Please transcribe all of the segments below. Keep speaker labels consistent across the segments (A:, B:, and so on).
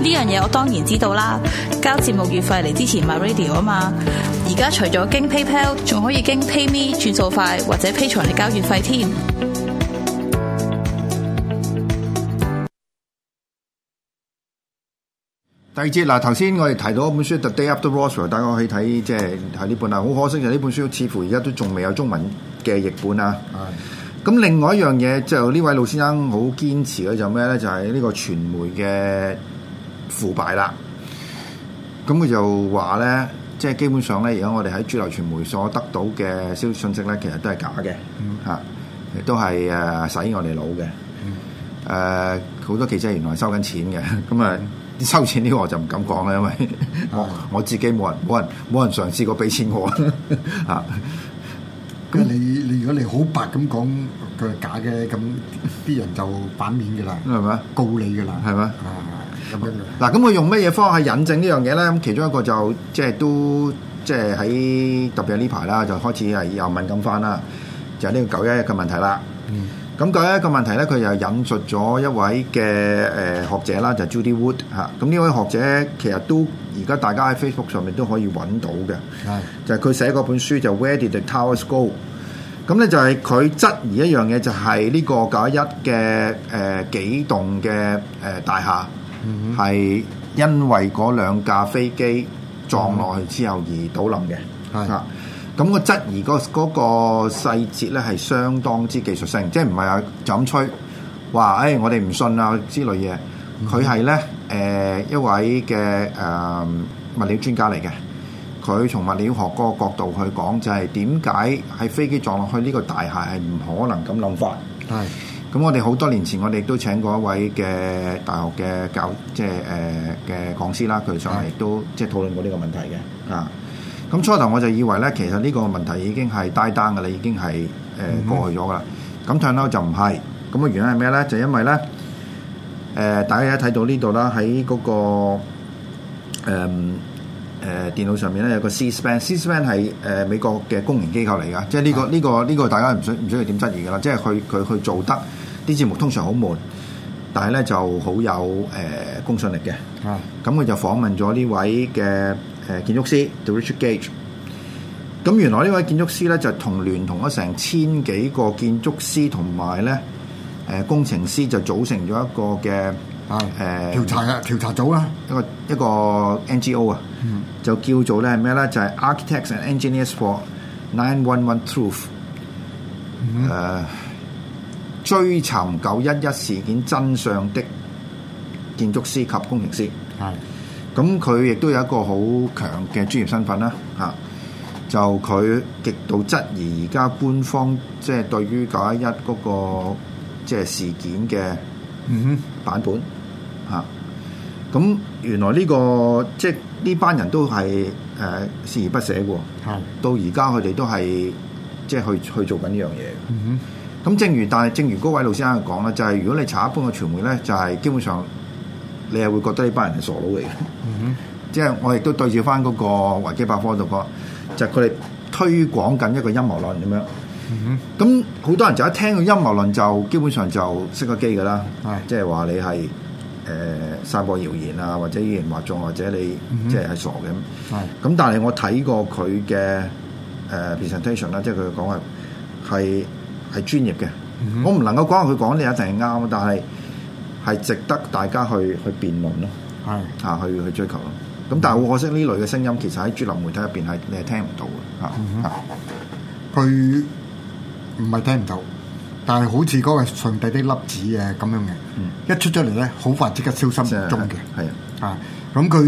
A: 呢樣嘢我當然知道啦，交節目月費嚟支持 MyRadio 啊嘛。而家除咗經 PayPal，仲可以經 PayMe 轉數快或者 Patreon 嚟交月費添。第二節嗱，頭先我哋提到本書《The Day After Roswell》，大家去睇即係睇呢本啦。好可惜就呢本書似乎而家都仲未有中文嘅譯本啊。咁的另外一樣嘢就呢位老先生好堅持嘅就咩咧？就係、是、呢個傳媒嘅。腐敗啦，咁佢就話咧，即係基本上咧，而家我哋喺主流傳媒所得到嘅消息信息咧，其實都係假嘅，嚇、嗯，都係誒洗我哋腦嘅，誒好、嗯呃、多記者原來收緊錢嘅，咁啊收錢呢個、嗯、我就唔敢講啦，因為我，的我自己冇人冇人冇人嘗試過俾錢俾我、嗯、啊，
B: 咁你你如果你好白咁講佢係假嘅，咁啲人就反面嘅啦，係咪啊？告你嘅啦，係咪嗎 嗱
A: 咁，佢用咩嘢方法去引證呢樣嘢咧？咁其中一個就即係都即係喺特別係呢排啦，就開始係又敏感翻啦，就係、是、呢個九一一嘅問題啦。咁九一一嘅問題咧，佢又引述咗一位嘅誒、呃、學者啦，就是、Judy Wood 吓。咁、啊、呢位學者其實都而家大家喺 Facebook 上面都可以揾到嘅，是就係佢寫嗰本書就 Where Did the Towers Go？咁咧就係佢質疑一樣嘢，就係呢個九一一嘅誒幾棟嘅誒、呃、大廈。係、嗯、因為嗰兩架飛機撞落去之後而倒冧嘅，係啦、嗯哼。咁的個質疑個嗰個細節咧係相當之技術性，即係唔係啊就咁吹，話誒、哎、我哋唔信啊之類嘢。佢係咧誒一位嘅誒、呃、物料專家嚟嘅，佢從物料學嗰個角度去講，就係點解喺飛機撞落去呢個大廈係唔可能咁冧法。係、嗯。咁我哋好多年前，我哋都請過一位嘅大學嘅教，即係誒嘅講師啦。佢上嚟都即係討論過呢個問題嘅。啊，咁初頭我就以為咧，其實呢個問題已經係低單㗎喇，已經係誒過去咗㗎喇。咁睇嚟就唔係。咁嘅原因係咩咧？就因為咧，誒大家睇到呢度啦，喺嗰個誒。誒、呃、電腦上面咧有個 CSPAN，CSPAN 係誒美國嘅公營機構嚟㗎，即係呢、呢個呢、啊呢個呢、呢個大家唔想唔需要點質疑㗎啦，即係佢佢佢做得啲節目通常好悶，但係咧就好有誒、呃、公信力嘅。咁佢、啊、就訪問咗呢位嘅誒建築師 Richard Gage。咁原來呢位建築師咧就同聯同咗成千幾個建築師同埋咧誒工程師就組成咗一個嘅。啊！誒、uh,，調查啊，
B: 調查組啦，
A: 一個一個 NGO 啊，mm hmm. 就叫做咧係咩咧？就係、是、Architects and Engineers for nine one one Truth，誒、mm hmm. 啊、追尋九一一事件真相的建築師及工程師，係、mm，咁，佢亦都有一個好強嘅專業身份啦、啊。吓、啊，就佢極度質疑而家官方即係、就是、對於九一一嗰個即係、就是、事件嘅哼版本。Mm hmm. 嚇！咁、啊、原來呢、這個即係呢班人都係誒鍥而不捨喎。的到而家佢哋都係即係去去做緊呢樣嘢。咁、嗯、哼正如但係正如嗰位老師講咧，就係、是、如果你查一般嘅傳媒咧，就係、是、基本上你係會覺得呢班人係傻佬嚟嘅。嗯、哼即係我亦都對照翻嗰個維基百科度講，就佢、是、哋推廣緊一個陰謀論咁樣。咁好、嗯、哼多人就一聽到陰謀論就基本上就熄個機噶啦。嗯、哼即係話你係。誒散播謠言啊，或者妖言惑眾，或者你即係係傻嘅。咁，但係我睇過佢嘅誒 presentation 啦，即係佢講係係係專業嘅。我唔能夠講佢講你一定係啱，但係係值得大家去去辯論咯，係、嗯、哼啊，去去追求咯。咁但係好可惜，呢類嘅聲音其實喺主流媒體入邊
B: 係你係聽唔到嘅嚇嚇。唔係、嗯哼啊、聽唔到。但係好似嗰個上帝的粒子嘅咁樣嘅，嗯、一出咗嚟咧，好快即刻消失無蹤嘅。係啊，咁佢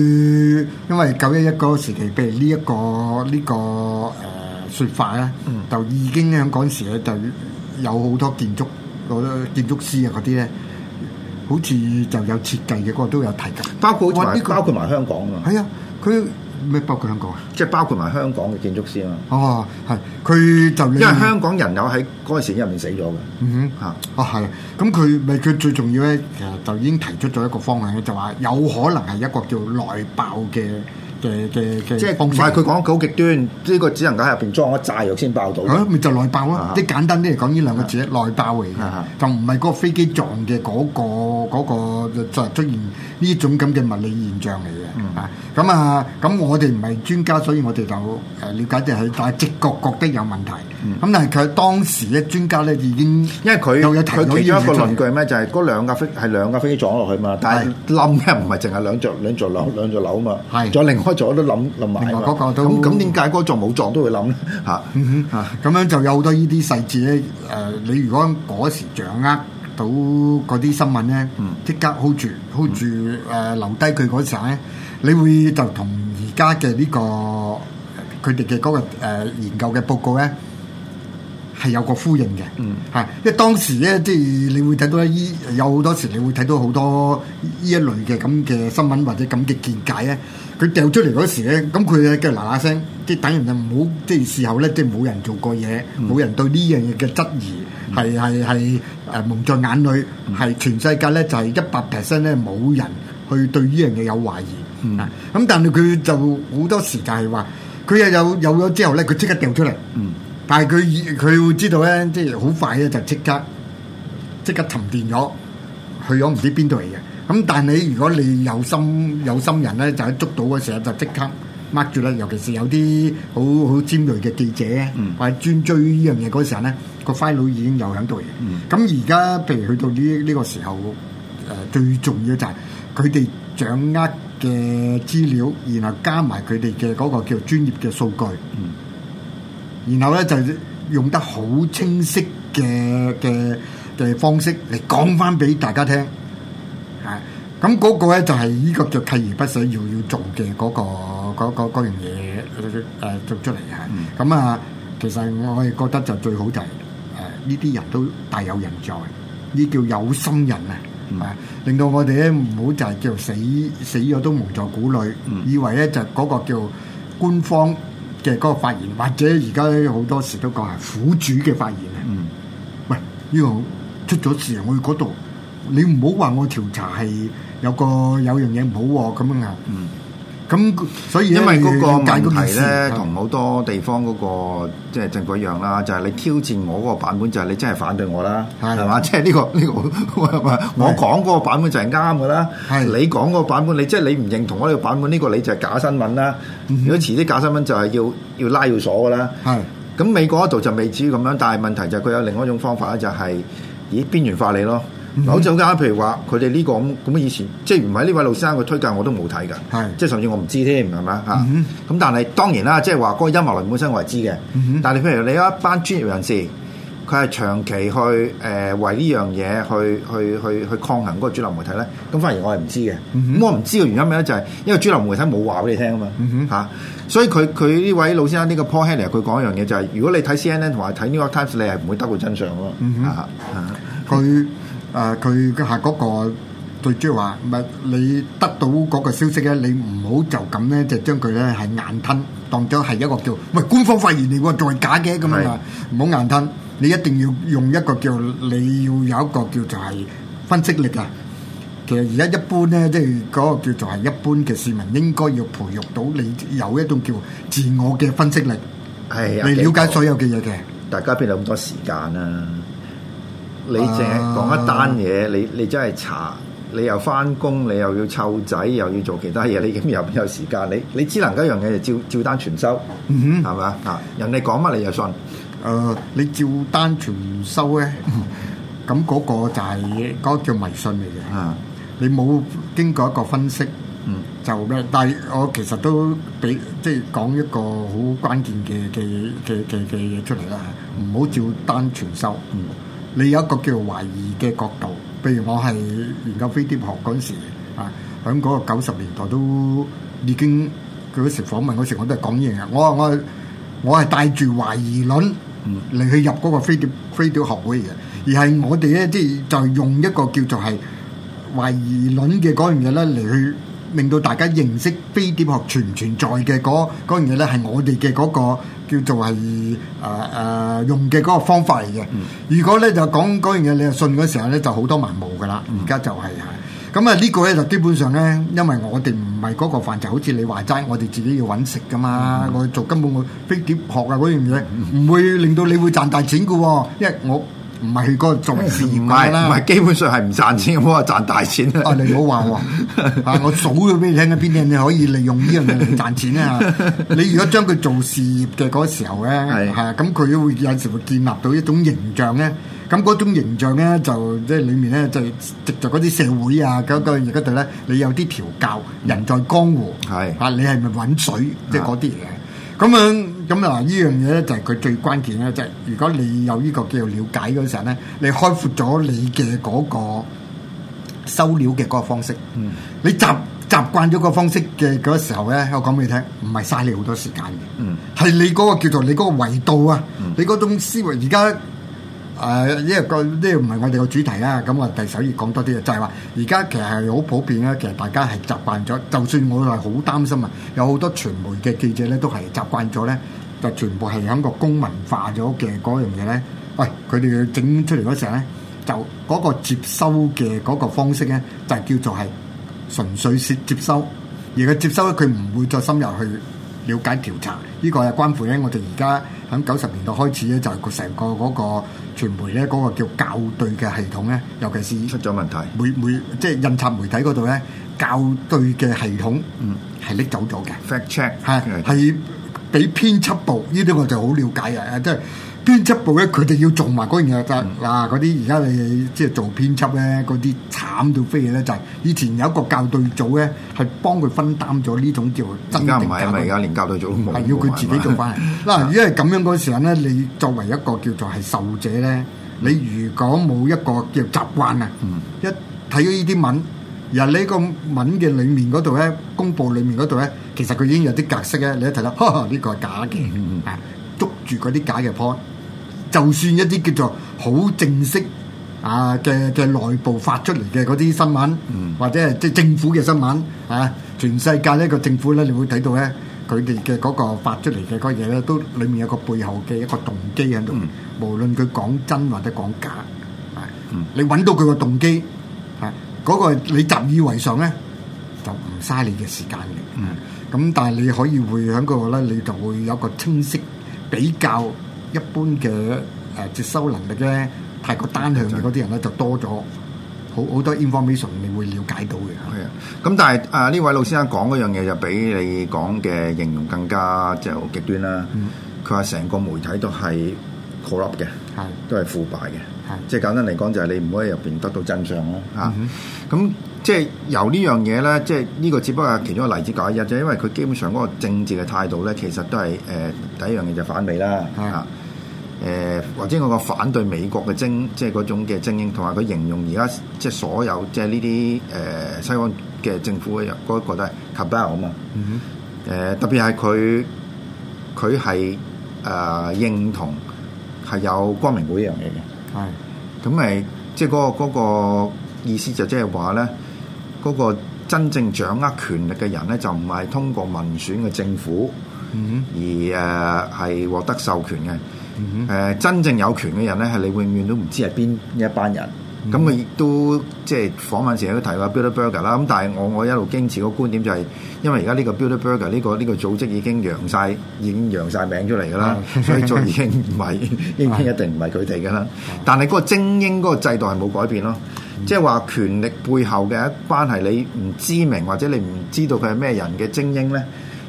B: 因為九一一嗰個時期，譬如、呢個呢個、說法呢一個呢個誒説法咧，嗯、就已經喺嗰陣時咧就有好多建築，建築師啊嗰啲咧，好似就有設計嘅嗰、嗰個都有提及，包括、呢個、包括埋香港啊。係啊，佢。咩包括香港啊？即係包括埋香港嘅建築師啊？哦，係佢就因為香港人有喺嗰陣時入面死咗嘅。嗯哼嚇。哦係，咁佢咪佢最重要咧？其實就已經提出咗一個方向咧，就話有可能係一個叫內爆嘅嘅嘅嘅。即係，但係佢講得
A: 好極端，呢個只能夠喺入邊裝一炸藥先爆到。嚇咪就內
B: 爆啊！即簡單啲嚟講，呢兩個字內爆嚟嘅，就唔係嗰個飛機撞嘅嗰個。嗰個就出現呢種咁嘅物理現象嚟嘅，嚇咁、嗯、啊！咁我哋唔係專家，所以我哋就誒瞭解啲係，但係直覺覺得有問題。咁、嗯、但係佢當時咧專家咧已經，因為佢佢其中一個論
A: 據咩現，就係嗰兩架飛係兩架飛機撞落去嘛，是但係冧嘅唔係淨係兩座兩座樓是兩座樓啊嘛，係再是另外一座都冧冧埋。另外嗰個都咁咁點
B: 解嗰座冇撞都會冧咧？嚇，咁樣就有好多呢啲細節咧。誒、呃，你如果嗰時掌握，到嗰啲新聞咧，即刻 hold 住 hold 住誒留低佢嗰陣咧，你會就同而家嘅呢個佢哋嘅嗰個誒研究嘅報告咧， 係有個呼應嘅，嚇、嗯！因為當時咧，即係你會睇到呢，有好多時，你會睇到好多呢一類嘅咁嘅新聞或者咁嘅見解咧。佢掉出嚟嗰時咧，咁佢嘅嗱嗱聲，即係等人就唔好，即係事後咧，即係冇人做過嘢，冇、嗯、人對呢樣嘢嘅質疑係係係誒蒙在眼裏，係全世界咧就係一百 percent 咧冇人去對呢樣嘢有懷疑。嗯，咁、嗯、但係佢就好多時就係話，佢又有有咗之後咧，佢即刻掉出嚟。嗯。但係佢佢會知道咧，即係好快咧就即刻即刻沉澱咗，去咗唔知邊度嚟嘅。咁但係你如果你有心有心人咧，就喺捉到嗰時候就即刻掹住啦。尤其是有啲好好尖鋭嘅記者，嗯、或者專追呢樣嘢嗰時候咧，個 file 已經有喺度，咁而家譬如去到呢呢個時候，誒、呃、最重要就係佢哋掌握嘅資料，然後加埋佢哋嘅嗰個叫專業嘅數據。嗯然後咧就用得好清晰嘅嘅嘅方式嚟講翻俾大家聽，啊，咁嗰個咧就係呢個就鍥而不捨要要做嘅嗰、嗰個嗰樣嘢誒做出嚟啊，咁啊，其實我哋覺得就最好就係誒呢啲人都大有人在，呢叫有心人啊，嗯、啊，令到我哋咧唔好就係叫死死咗都蒙在鼓裏，以為咧就嗰個叫官方。嘅嗰個發言，或者而家好多時都講係苦主嘅發言。啊、嗯！喂，呢、這個出咗事，我去嗰度，你唔好話我調查係有個有樣嘢唔好喎咁樣啊！樣嗯。咁，所以因為嗰個問題咧，同
A: 好多地方嗰、那個即係政府一樣啦，是的 就係你挑戰我嗰個版本，就係、是、你真係反對我啦，係嘛？即係呢個呢個，我講嗰個版本就係啱噶啦。係你講嗰個版本，你即係你唔認同我呢個版本，呢個你就係假新聞啦。是的 如果遲啲假新聞就係要要拉要鎖噶啦。係咁，美國嗰度就未至於咁樣，但係問題就係佢有另外一種方法咧，就係、是、咦邊緣化你咯。好似好啱，譬、嗯、如話佢哋呢個咁咁樣以前，即係唔係呢位老先生佢推介，我都冇睇㗎，的即係甚至我唔知添，係咪、嗯、哼啊？咁但係當然啦，即係話嗰個陰謀論本身我係知嘅，嗯、哼但係譬如你有一班專業人士，佢係長期去誒、呃、為呢樣嘢去去去去，去，去抗衡嗰個主流媒體咧，咁反而我係唔知嘅。咁、嗯、哼我唔知嘅原因咩咧，就係因為主流媒體冇話俾你聽、嗯、哼啊嘛嚇，所以佢佢呢位老先生呢、這個 Paul Hellyer 佢講一樣嘢就係、是，如果你睇 CNN 同埋睇 New York Times，你係唔會得到真相咯
B: 佢誒佢係嗰個最主要話，唔係你得到嗰個消息咧，你唔好就咁咧，就將佢咧係硬吞，當咗係一個叫喂官方發現你個係假嘅咁樣啊！唔好硬吞，你一定要用一個叫你要有一個叫做係分析力啊！其實而家一般咧，即係嗰個叫做係一般嘅市民應該要培育到你有一種叫自我嘅分析力，係呀，你了解所有嘅嘢嘅。
A: 大家邊有咁多時間啊？你淨係講一單嘢，uh，你你真係查，你又翻工，你又要湊仔，又要做其他嘢，你咁又邊有時間？你你只能夠一樣嘢，就照照單全收，
B: 係咪啊？啊，huh，人哋講乜你就信？誒，uh, 你照單全收咧，咁，嗯，嗰，嗰個就係，是，嗰，嗰個叫迷信嚟嘅。啊，uh, 你冇經過一個分析，嗯，就咩？但係我其實都俾即係講一個好關鍵嘅嘅嘅嘅嘅嘢出嚟啦，唔好照單全收。嗯。你有一個叫懷疑嘅角度，譬如我係研究飛碟學嗰陣時，啊，喺嗰個九十年代都已經，嗰時訪問嗰時我都係講嘢嘅，我話我我係帶住懷疑論嚟去入嗰個飛碟飛、嗯、碟學嗰樣嘢，而係我哋咧即係就係、就係用一個叫做係懷疑論嘅嗰樣嘢咧嚟去。令到大家認識飛碟學存唔存在嘅嗰樣嘢咧，係我哋嘅嗰個叫做係誒誒用嘅嗰個方法嚟嘅。嗯、如果咧就講講樣嘢你又信嗰時候咧，就好多盲毛噶啦。而家就係、是、啊，咁啊呢個咧就基本上咧，因為我哋唔係嗰個範疇，就好似你話齋，我哋自己要揾食噶嘛，嗯、我做根本我飛碟學啊嗰樣嘢唔會令到你會賺大錢噶喎、哦，因為我。唔係個做事業啦，唔係基本上係唔賺錢，冇話賺大錢。啊， 你唔好話我數咗俾你聽啊，邊啲你可以利用呢樣嘢賺錢咧？ 你如果將佢做事業嘅嗰時候咧，係係咁佢會有時會建立到一種形象咧，咁嗰種形象咧就即係裡面咧就藉著嗰啲社會啊嗰嗰度咧，你有啲調教，人在江湖係啊的的，你係咪揾水即係嗰啲嘢？咁、就、啊、是。咁啊！呢樣嘢咧就係佢最關鍵咧，就係如果你有呢個叫做瞭解嗰時候咧，你開闊咗你嘅嗰個收料嘅嗰個方式，嗯，你習習慣咗個方式嘅嗰個時候咧，我講俾你聽，唔係嘥你好多時間嘅，嗯，係你嗰個叫做你嗰個維度啊，嗯，你嗰種思維而家誒，因為個呢個唔係我哋個主題啦，咁我第首要講多啲嘅，就係話而家其實係好普遍啊，其實大家係習慣咗，就算我係好擔心啊，有好多傳媒嘅記者咧都係習慣咗咧。就全部係響個公民化咗嘅嗰樣嘢咧，喂，佢哋整出嚟嗰時咧，就嗰個接收嘅嗰個方式咧，就叫做係純粹接接收，而佢接收咧，佢唔會再深入去了解調查。呢個係關乎咧，我哋而家喺九十年代開始咧，就係個成個嗰個傳媒咧嗰個叫校對嘅系統咧，尤其是出咗問題，每每即係印刷媒體嗰度咧校對嘅系統，嗯，係拎走咗嘅 fact check，係係。俾編輯部呢啲我就好了解啊！即係編輯部咧，佢哋要做埋嗰樣嘢就嗱嗰啲而家你即係做編輯咧，嗰啲慘到飛嘢咧就係、係、以前有一個校對組咧，係幫佢分擔咗呢種叫增加唔係啊！咪而
A: 家連校對組都冇，係要佢自己做翻。嗱，
B: 如果係咁樣嗰時陣咧，你作為一個叫做係受者咧，你如果冇一個叫習慣啊，嗯、一睇到呢啲文。而呢個文嘅裏面嗰度咧，公佈裏面嗰度咧，其實佢已經有啲格式咧，你一睇到，呢個係假嘅，捉住嗰啲假嘅 point。就算一啲叫做好正式啊嘅嘅內部發出嚟嘅嗰啲新聞，嗯、或者係即政府嘅新聞啊，全世界呢個政府咧，你會睇到咧，佢哋嘅嗰個發出嚟嘅嗰嘢咧，都裡面有個背後嘅一個動機喺度。嗯、無論佢講真或者講假，係、嗯，你揾到佢個動機。嗰個你習以為常咧，就唔嘥你嘅時間嘅。咁、嗯、但係你可以會喺個咧，你就會有一個清晰比較一般嘅誒、呃、接收能力咧，太過單向嘅嗰啲人咧就多咗，好好多 information 你會了解到嘅。
A: 咁、嗯、但係啊呢位老師講嗰樣嘢就比你講嘅形容更加就好極端啦。佢話成個媒體都係 corrupt 嘅，的都係腐敗嘅。即係簡單嚟講，就係你唔可以入邊得到真相咯、啊、嚇。咁即係由呢樣嘢咧，即係呢個只不過係其中一個例子911啫。因為佢基本上嗰個政治嘅態度咧，其實都係誒、呃、第一樣嘢就反美啦嚇。誒、啊啊、或者我個反對美國嘅精，即係嗰種嘅精英，同埋佢形容而家即係所有即係呢啲誒西方嘅政府一樣，我、呃、都覺得係 Cabal 啊嘛。誒、呃、特別係佢佢係誒認同係有光明會一樣嘢嘅。係，咁咪、嗯、即係嗰、嗰個、嗰個意思就即係話咧，嗰、嗰個真正掌握權力嘅人咧，就唔係通過民選嘅政府，嗯、哼而誒係獲得授權嘅。誒、嗯哼呃，真正有權嘅人咧，係你永遠都唔知係邊一班人。咁佢亦都即係、就是、訪問時都提話 Bilderberger 啦。咁但係我我一路堅持個觀點就係、是，因為而家呢個 Bilderberger 呢個呢、這個組織已經揚晒，已經揚晒名出嚟㗎啦，嗯、所以再已經唔係，已經一定唔係佢哋㗎啦。但係嗰個精英嗰個制度係冇改變咯。即係話權力背後嘅一關係，你唔知名或者你唔知道佢係咩人嘅精英咧，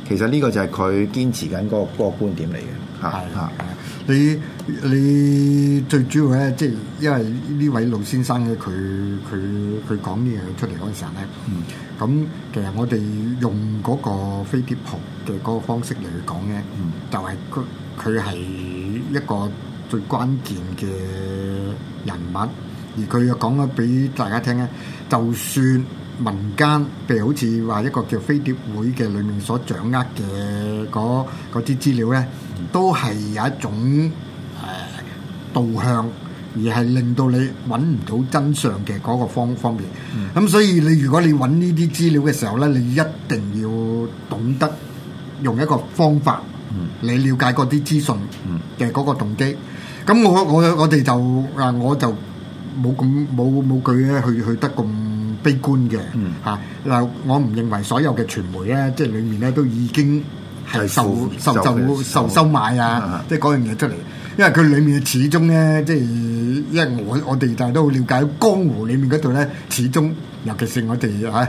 A: 其實呢個就係佢堅持緊、那個、那個觀點嚟嘅嚇嚇。啊啊。
B: 你你最主要咧，即係因為呢位老先生咧，佢佢佢講呢樣出嚟嗰陣咧，咁、嗯嗯、其實我哋用嗰個飛碟譜嘅嗰個方式嚟去講咧，嗯、就係佢佢係一個最關鍵嘅人物，而佢又講咗俾大家聽咧，就算民間譬如好似話一個叫飛碟會嘅裏面所掌握嘅嗰啲資料咧。都係有一種誒導向，而係令到你揾唔到真相嘅嗰個方方面。咁、嗯、所以你如果你揾呢啲資料嘅時候呢，你一定要懂得用一個方法，嗯、你了解嗰啲資訊嘅嗰個動機。咁、嗯、我我我哋就嗱，我就冇咁冇冇句咧，去去得咁悲觀嘅嚇。嗱、嗯啊，我唔認為所有嘅傳媒呢，即係裡面呢，都已經。係受受受，受收買啊！ 即係嗰樣嘢出嚟，因為佢裡面始終咧，即係因為我我哋大家都好了解江湖裡面嗰度咧，始終尤其是我哋喺、啊、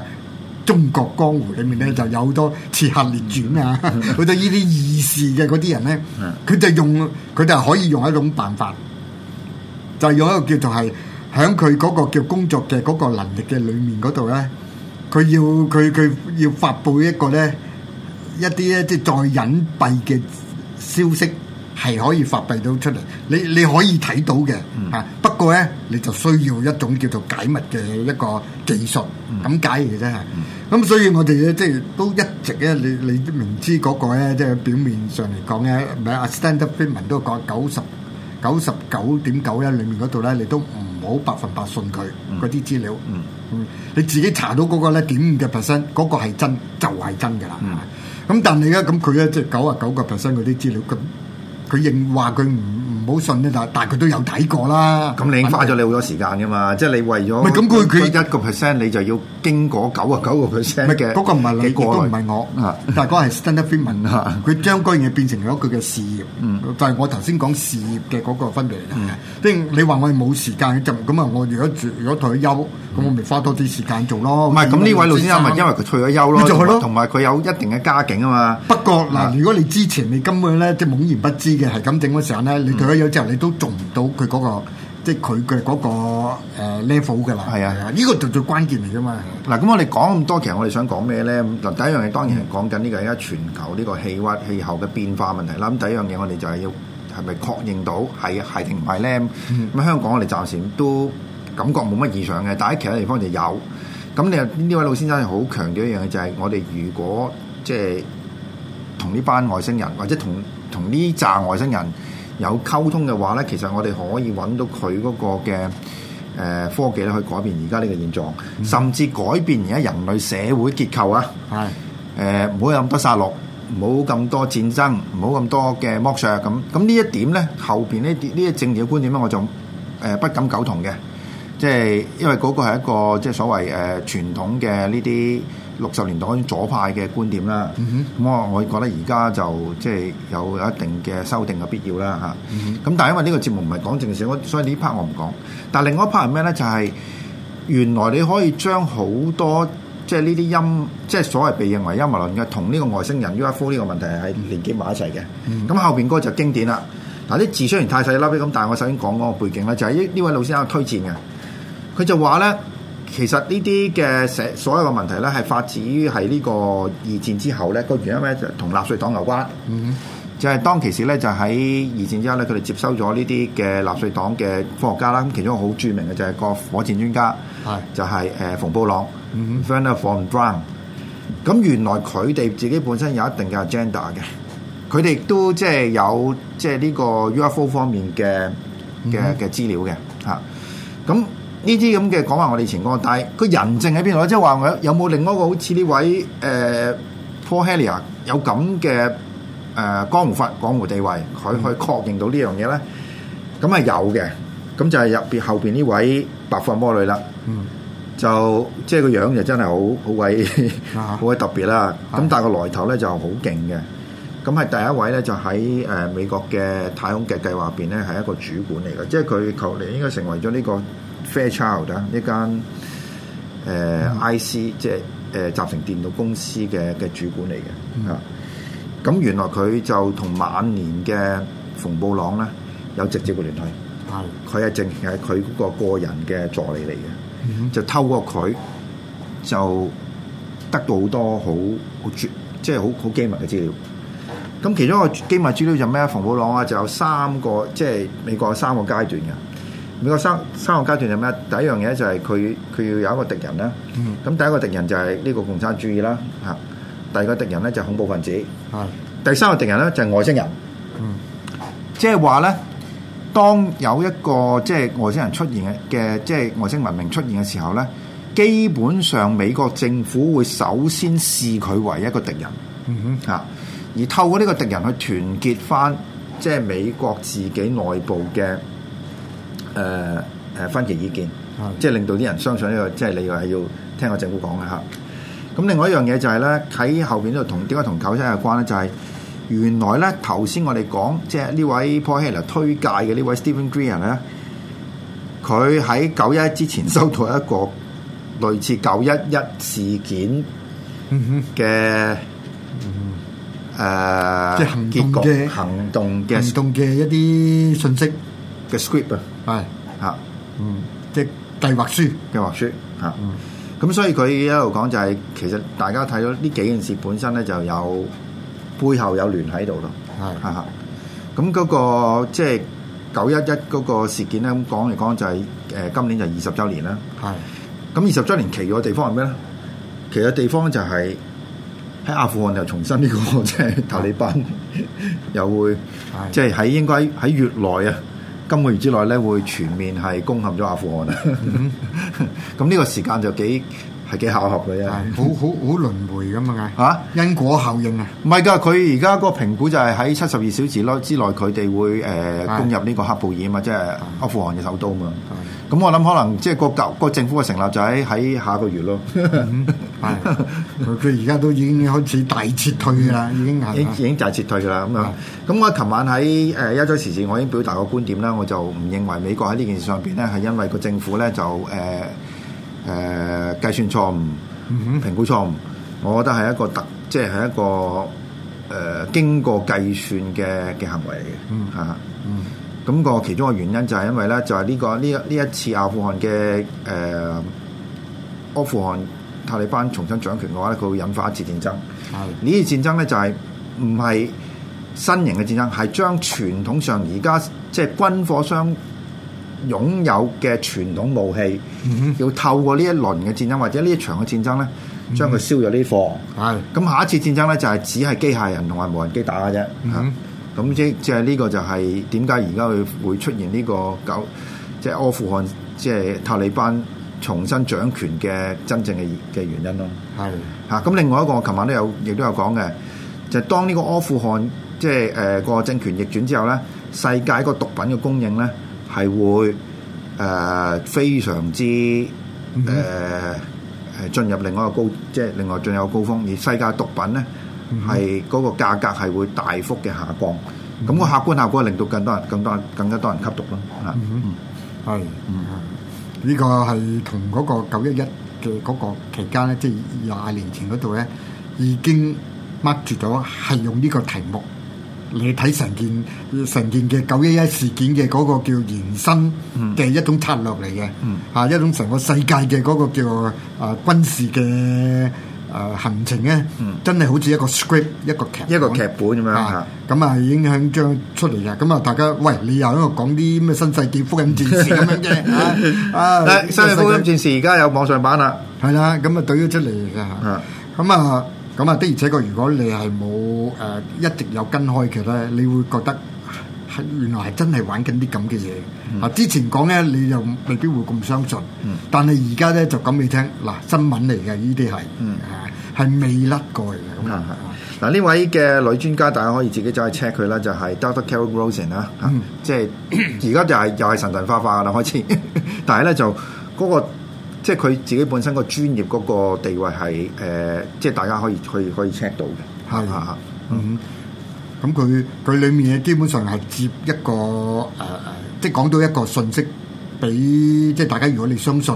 B: 中國江湖裡面咧， 就有好多刺客列傳啊，好多呢啲異事嘅嗰啲人咧，佢 就用佢就可以用一種辦法，就是、用一個叫做係喺佢嗰個叫工作嘅嗰個能力嘅裏面嗰度咧，佢要佢佢要發布一個咧。一啲咧，即係再隱蔽嘅消息係可以發佈到出嚟，你你可以睇到嘅嚇。嗯、不過咧，你就需要一種叫做解密嘅一個技術，咁、嗯、解嘅啫。咁、嗯、所以我哋咧，即係都一直咧，你你明知嗰個咧，即係表面上嚟講咧，唔係阿斯坦德菲文都講九十九十九點九一，裏面嗰度咧，你都唔好百分百信佢嗰啲資料。嗯嗯，你自己查到嗰個咧點五嘅 percent，嗰個係真就係真㗎啦。嗯，咁但係而家咁佢咧即係九啊九個 percent 嗰啲資料，咁佢認話佢唔。唔好信咧，但但佢都有睇過啦。咁你已經
A: 花咗你好多時間噶嘛。即係你為咗咁佢佢一個 percent，你就要經過九啊九個
B: percent 嘅。嗰唔係你個都唔係我，但係嗰係 Jennifer，佢將嗰樣嘢變成咗佢嘅事業。但係我頭先講事業嘅嗰個分別嚟嘅。即係你話我冇時間就咁啊！我如果住如果退休，咁我咪花多啲時間做咯。唔係咁，呢位老師，因為因為佢退咗休咯，同埋佢有一定嘅家境啊嘛。不過嗱，如果你之前你根本咧即係懵然不知嘅係咁整嗰陣咧，你有時候你都做唔到佢嗰、那個，即係佢嘅嗰個 level 㗎啦。係是啊，呢個就最關鍵嚟㗎嘛。嗱，咁我哋講咁多，其
A: 實我哋想講咩咧？嗱，第一樣嘢當然係講緊呢個而家全球呢個氣温氣候嘅變化問題啦。咁第一樣嘢，我哋就係要係咪確認到係係定唔係咧？咁、嗯、香港我哋暫時都感覺冇乜異常嘅，但係其他地方就有。咁你呢位老先生又好強調一樣嘢，就係我哋如果即係同呢班外星人，或者同同呢紮外星人。有溝通嘅話咧，其實我哋可以揾到佢嗰個嘅誒、呃、科技咧，去改變而家呢個現狀，嗯、甚至改變而家人類社會結構啊！唔好是、呃、有咁多殺戮，唔好咁多戰爭，唔好咁多嘅剝削咁。咁呢一點咧，後邊呢啲呢一政治嘅觀點咧，我就誒不敢苟同嘅，即係因為嗰個係一個即係所謂誒傳統嘅呢啲，六十年代左派嘅觀點啦，咁我、嗯、哼我覺得而家就即係有有一定嘅修訂嘅必要啦嚇。咁、嗯、哼但係因為呢個節目唔係講正事，所以呢 part 我唔講。但係另外一 part 係咩咧？就係、是、原來你可以將好多即係呢啲音，即係所謂被訣同音陰謀論嘅，同呢個外星人 UFO 呢個問題係連結埋一齊嘅。咁、嗯、哼後邊嗰就經典啦。嗱啲字雖然太細粒咁，但係我首先講嗰個背景啦，就係、是、呢位老師有推薦嘅，佢就話咧。其實呢啲嘅社所有嘅問題咧，係發展於係呢個二戰之後咧，個原因咧就同納粹黨有關。嗯，就係當其時咧，就喺二戰之後咧，佢哋接收咗呢啲嘅納粹黨嘅科學家啦。咁其中一個好著名嘅就係個火箭專家，
B: 係
A: 就係誒馮布朗，friend of von Braun，咁原來佢哋自己本身有一定嘅 agenda 嘅，佢哋亦都即係有即係呢個 UFO 方面嘅嘅嘅資料嘅嚇、嗯哼，咁。呢啲咁嘅講話我哋情況，但係個人證喺邊度咧？即係話我有冇另外一個好似呢位誒 Paul Hellyer 有咁嘅誒江湖法江湖地位，佢可以確認到呢樣嘢咧？咁係有嘅，咁就係入邊後邊呢位白髮魔女啦，就即係個樣就真係好好鬼好鬼特別啦。咁但係個來頭咧就好勁嘅，咁係第一位咧就喺誒美國嘅太空嘅計劃入邊咧係一個主管嚟嘅，即係佢近年應該成為咗呢個。Fairchild 啊，Fair child，一間誒、呃、IC 即係誒、呃、集成電腦公司嘅嘅主管嚟嘅、嗯、啊，咁原來佢就同晚年嘅馮布朗咧有直接嘅聯繫，佢係淨係佢嗰個個人嘅助理嚟嘅，嗯、就透過佢就得到好多好好絕即係好好機密嘅資料。咁其中一個機密資料就咩啊？馮布朗啊，就有三個即係美國有三個階段嘅。美國三三個階段係咩？第一樣嘢就係佢佢要有一個敵人啦。咁、嗯、第一個敵人就係呢個共產主義啦。嚇、嗯，第二個敵人咧就係恐怖分子。
B: 嗯、
A: 第三個敵人咧就係外星人。即係話咧，當有一個即係、就是、外星人出現嘅，即、就、係、是、外星文明出現嘅時候咧，基本上美國政府會首先視佢為一個敵人。嚇、嗯哼，而透過呢個敵人去團結翻即係美國自己內部嘅。誒誒分歧意見，即係令到啲人相信呢個，即係你話係要聽我政府講嘅嚇。咁另外一樣嘢就係咧，喺後邊都同點解同九一有關咧？就係原來咧，頭先我哋講，即係呢位 Paul Hellyer 推介嘅呢位 Stephen Green 咧，佢喺九一之前收到一個類似九一一事件嘅誒，即係行動嘅行動嘅行動
B: 嘅一啲信息
A: 嘅 script 啊。係吓，嗯，即係計劃書，計劃書吓，咁、嗯、所以佢一路講就係、是，其實大家睇到呢幾件事本身咧就有背後有聯繫喺度咯，係吓是，咁嗰、那個即係九一一嗰個事件咧，咁講嚟講就係、是，誒、呃，今年就二十周年啦，係，咁二十周年，是周年其餘嘅地方係咩咧？其餘地方就係喺阿富汗又重新呢、這個即係塔利班 又會，即係喺應該喺月內啊。今個月之內咧，會全面係攻陷咗阿富汗啊！咁呢、 嗯、 個時間就幾係幾巧合嘅啫， 好好
B: 好輪迴噶嘛，嚇、啊、因果效應啊！
A: 唔係㗎，佢而家個評估就係喺七十二小時囉之內，佢哋會誒攻入呢個喀布爾啊嘛，即、就、係、是、阿富汗嘅首都啊嘛。咁、嗯、我諗可能即係個國個政府嘅成立就喺喺下個月
B: 咯。係佢而家都已經開
A: 始大撤退啦，已經已經大撤退啦。咁樣，咁我琴晚喺誒優週時事，我已經表達個觀點啦。我就唔認為美國喺呢件事上邊咧，係因為個政府咧就誒誒、呃呃、計算錯誤、評估錯誤，我覺得係一個特即係係一個誒、呃、經過計算嘅嘅行為嘅、嗯。嗯啊。咁個其中嘅原因就係因為咧，就係、是、呢、這個呢呢一次阿富汗嘅誒、呃、阿富汗塔利班重新掌權嘅話咧，佢會引發一次戰爭。係呢的次戰爭咧，就係唔係新型嘅戰爭，係將傳統上而家即係軍火商擁有嘅傳統武器，嗯、哼要透過呢一輪嘅戰爭或者呢一場嘅戰爭咧，將佢燒咗呢啲貨。係咁的下一次戰爭咧，就係、是、只係機械人同埋無人機打嘅啫。嗯哼嗯咁即即係呢個就係點解而家佢會出現呢、這個九即係阿富汗即係、就是、塔利班重新掌權嘅真正嘅嘅原因咯。係嚇的，咁另外一個我琴晚都有亦都有講嘅，就是、當呢個阿富汗即係誒個政權逆轉之後咧，世界一個毒品嘅供應咧係會誒、呃、非常之誒係、呃、進入另外一個高，即、就、係、是、另外進入個高峰，而世界毒品咧。係嗰、那個價格係會大幅嘅下降，
B: 咁、嗯、哼個客觀效果令到更多人、更多人、更加多人吸毒咯嚇。係、嗯，呢、嗯、個係同嗰個九一一嘅嗰個期間咧，即係廿年前嗰度咧，已經掹住咗係用呢個題目你睇成件成件嘅九一一事件嘅嗰個叫延伸嘅一種策略嚟嘅嚇，嗯、哼一種成個世界嘅嗰個叫啊、呃、軍事嘅。誒行程咧，真係好似一個 script 一個劇一個劇本咁樣咁，啊影響將出嚟嘅。咁啊大家，喂，你又喺度講啲咩新世紀福音戰士咁樣嘅 啊！啊新世紀福音戰士而家有網上版啦，係啦、啊，咁啊對咗出嚟㗎，咁啊咁啊的而且確，如果你係冇誒一直有跟開劇咧，你會覺得。原來係真係玩緊啲咁嘅嘢，啊、嗯、之前講咧你又未必會咁相信，嗯、但係而家咧就咁你聽，嗱新聞嚟嘅呢啲係，係、嗯、未甩過嚟嘅咁
A: 嗱呢位嘅女專家，大家可以自己再去 check 佢啦，就係、是、Doctor Carol Gros、嗯、sin 啦，即係而家就係又係神神化化啦開始，但係咧就嗰、那個即係佢自己本身個專業嗰個地位係誒、呃，即係大家可以可以可以 check 到嘅，嚇
B: 嚇、啊、嗯。嗯。咁佢佢裏面咧基本上係接一個誒誒，即係講到一個訊息俾即係大家，如果你相信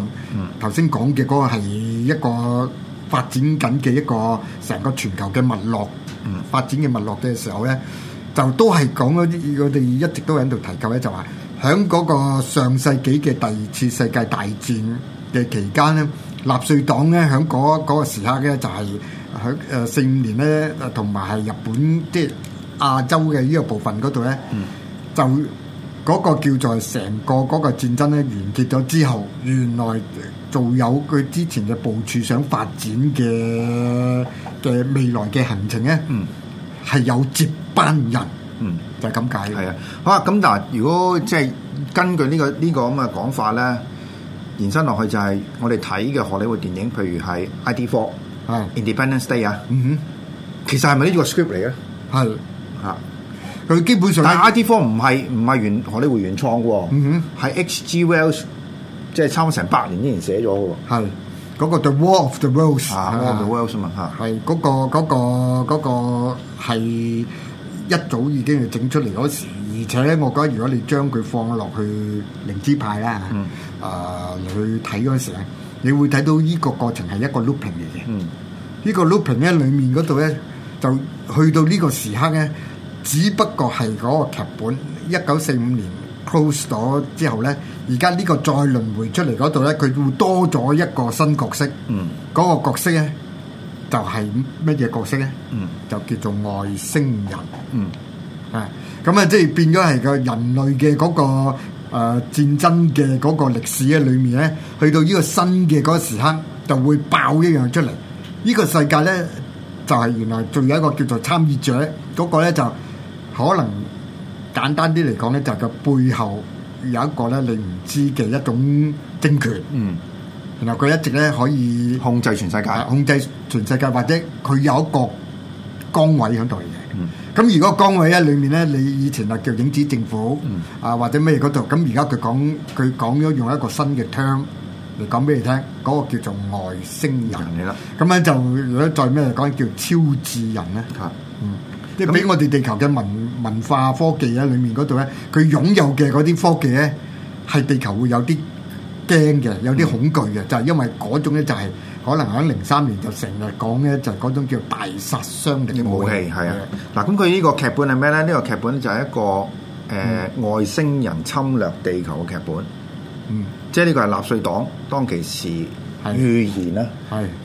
B: 頭先講嘅嗰個係一個發展緊嘅一個成個全球嘅脈絡，發展嘅脈絡嘅時候咧，就都係講嗰啲我哋一直都喺度提及咧，就話喺嗰個上世紀嘅第二次世界大戰嘅期間咧，納粹黨咧喺嗰嗰個時刻咧就係喺誒四五年咧，同埋係日本即係。亞洲嘅呢個部分嗰度咧，嗯、就嗰個叫做成個嗰個戰爭咧，完結咗之後，原來仲有佢之前嘅部署想發展嘅嘅未來嘅行程咧，係、嗯、有接班人，嗯、就係咁解咯。係啊，好啊，咁但係，如果即係根據、這個這個、呢個呢個咁嘅講法咧，
A: 延伸落去就係我哋睇嘅荷里活電影，譬如係、嗯《I D Four》啊，《Independence Day》啊，嗯哼，其實係咪呢個 script 嚟嘅？係。吓，佢基本上但係 ID Four 唔係唔係原荷里活原創嘅，係 HG、嗯、哼 Wells，
B: 即係差唔多成百年之前寫咗嘅。係，嗰、那個 The War of the Worlds 吓、啊啊、The Wells 嘛、啊、吓，係嗰、那個嗰、那個嗰、那個係一早已經嚟整出嚟嗰時，而且咧，我覺得如果你將佢放落去靈芝派啦，啊、嗯呃、去睇嗰時咧，你會睇到呢個過程係一個 looping 嚟嘅，嗯，呢個 looping 咧裏面嗰度咧，就去到呢個時刻呢，只不過係嗰個劇本一九四五年 close 咗之後呢，而家呢個再輪迴出嚟嗰度呢，佢會多咗一個新角色。嗯，嗰個角色呢，就係乜嘢角色呢？嗯，就叫做外星人。嗯，咁啊，即係變咗係個人類嘅嗰、嗰個誒、呃、戰爭嘅嗰個歷史嘅裏面呢。去到呢個新嘅嗰個時刻就會爆一樣出嚟，呢、呢個世界呢。就係原來仲有一個叫做參與者嗰、那個咧，就可能簡單啲嚟講咧，就係個背後有一個咧你唔知嘅一種政權。嗯，然後佢一直咧可以控制全世界，控制全世界對或者佢有一個崗位喺度嘅。咁、嗯、如果崗位咧裏面咧，你以前啊叫影子政府，啊、嗯、或者咩嗰度，咁而家佢講佢講咗用一個新嘅 term。嚟講俾你聽，嗰個叫做外星人，咁樣就如果再咩嚟講，叫超智人咧，嗯，即係比我哋地球嘅文文化科技喺裡面嗰度咧，佢擁有嘅嗰啲科技咧，係地球會有啲驚嘅，有啲恐懼嘅，就係因為嗰種咧就係可能喺零三年就成日講咧，就嗰種叫大殺傷力嘅武器，係啊，嗱，咁佢呢個劇本係咩咧？呢個劇本
A: 咧就係一個誒外星人侵略地球嘅劇本，嗯。即係呢個係納粹黨當其時預言啦，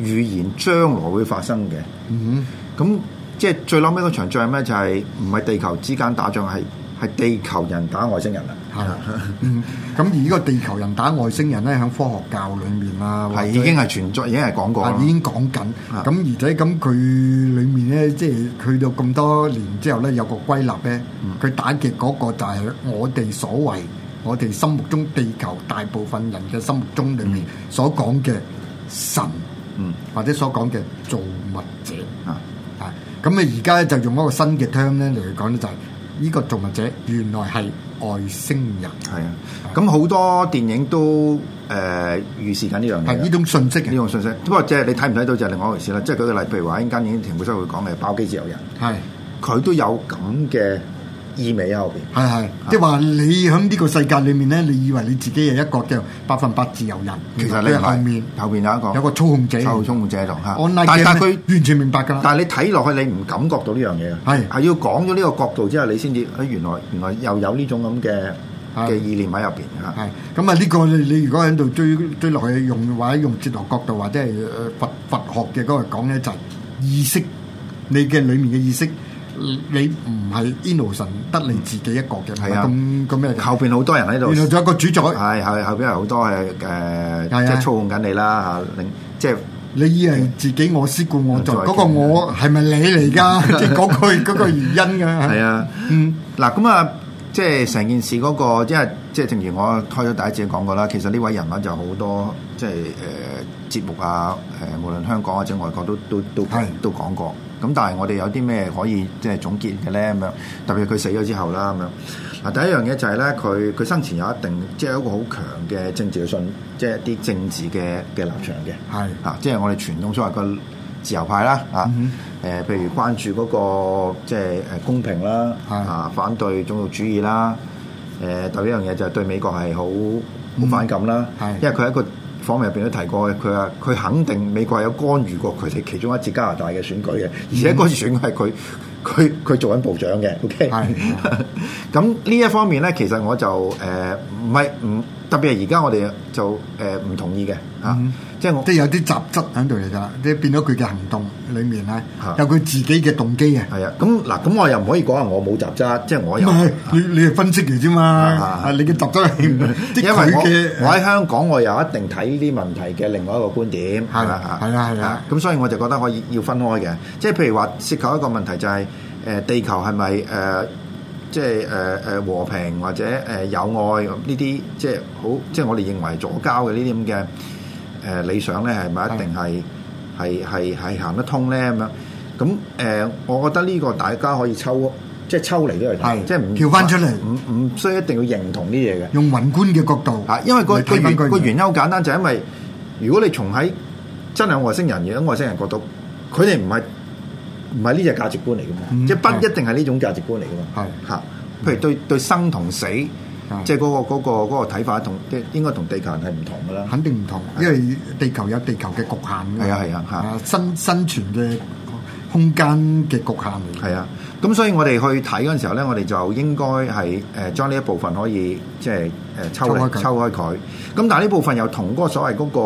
A: 預言將來會發生嘅。咁、嗯、哼即係最嬲尾嗰場仗咧，就係唔係地球之間打仗，係係地球人打外星人啦。係啦的，咁、 嗯、而呢個地球人打外
B: 星人咧，響科學教裏面啦，
A: 係已經係存在，已經係講過已經講緊。咁的
B: 而喺咁佢裏面咧，即係去到咁多年之後咧，有個歸納咧，佢打劫嗰個就係我哋所謂。我哋心目中地球大部分人嘅心目中裏面所講嘅神，嗯、或者所講嘅造物者啊，啊，咁啊而家咧就用一個新嘅 term 咧嚟講咧就係呢個造物者原來係外星人。係啊，咁好、啊、多電影都
A: 誒、呃、預示緊呢樣嘢。係呢種信息呢種信息。不過即係你睇唔睇到就係另外一回事啦。即、就、係、是、舉個例，譬如話一間已經田木生會講嘅《爆機自由人》是，係佢是都有咁嘅。意味喺後邊，
B: 係係，即係話你喺呢個世界裏面咧，你以為你自己係一個嘅百分百自由人，其實你有有後面後邊有一個有個操控者，操控者喺度吓，但係是但佢
A: 完全明白噶啦。但係你睇落去，你唔感覺到呢樣嘢嘅，係係是要講咗呢個角度之後，你先至，
B: 哎，原來原來又有呢種咁嘅嘅意念喺入邊嘅。係咁啊，呢個你你如果喺度追追落去用，用話用哲學角度或者係佛佛學嘅嗰個講咧，就係意識，你嘅裏面嘅意識。你唔係 Innocent 得你自己一個嘅，係啊，咁咁嘅後邊好多人喺度，原來仲
A: 有個主宰，係後後邊係好多誒誒，即係操控緊你啦吓，即係你以為自己我思故我在，嗰個我係咪你嚟噶？即係嗰個
B: 嗰個原因噶？係啊，
A: 嗱咁啊，即係成件事嗰個，即係即係正如我開咗第一節講過啦，其實呢位人物就好多，即係誒節目啊，誒無論香港或者外國都都都都講過。咁但係我哋有啲咩可以即係總結嘅咧咁樣，特別佢死咗之後啦咁樣。嗱、啊、第一樣嘢就係咧，佢佢生前有一定即係、就是、一個好強嘅政治嘅信，即、就、係、是、一啲政治嘅嘅立場嘅。係是啊，即係我哋傳統所謂嘅自由派啦。啊誒，譬、嗯哼呃、如關注嗰、那個即係誒公平啦，啊是反對種族主義啦。誒、啊，第二樣嘢就係對美國係好好反感啦。係、嗯，因為佢係一個。講入邊都提過嘅，佢話佢肯定美國係有干預過佢哋其中一次加拿大嘅選舉嘅，而且嗰次選舉係佢佢佢做緊部長嘅。OK，係。咁呢 一方面咧，其實我就誒唔係唔特別係而家我哋
B: 就誒呃、唔同意嘅啊。嗯即係我即係有啲雜質喺度嚟㗎，即係變咗佢嘅行動裏面咧，有佢自己嘅動機呀。係啊，
A: 咁嗱，咁我又唔可以講話我冇雜質，即係我
B: 又你你係分析嚟啫嘛，你嘅雜質嚟。因為
A: 我我喺香港，我又一定睇呢啲問題嘅另外一個觀點。係啦，係啦，係啦。咁所以我就覺得可以要分開嘅。即係譬如話涉及一個問題就係誒地球係咪誒即係誒誒和平或者誒友愛呢啲即係好即係我哋認為左膠嘅呢啲咁嘅。誒理想咧係咪一定係係係係行得通咧咁樣？咁、呃、誒，我覺得呢個大家可以抽，即、就、係、是、抽離咗嚟，是即係唔跳翻出嚟，唔唔需要一定要認同呢嘢嘅。用宏觀嘅角度嚇、啊，因為、那個個原因好簡單，就係、是、因為如果你從喺真係外星人嘅外星人角度，佢哋唔係唔係呢隻價值觀嚟噶嘛，嗯、即係不一定係呢種價值觀嚟噶嘛。係嚇，譬如對對生同死。即係嗰個嗰個睇法同即係應該同地球人係唔同嘅啦，肯定唔同，因為地球有地球嘅局限。係啊係啊嚇，生生存嘅空間嘅局限。係啊，咁所以我哋去睇嗰陣時候咧，我哋就應該係誒將呢一部分可以即係誒抽開抽開佢。咁但係呢部分又同嗰個所謂嗰個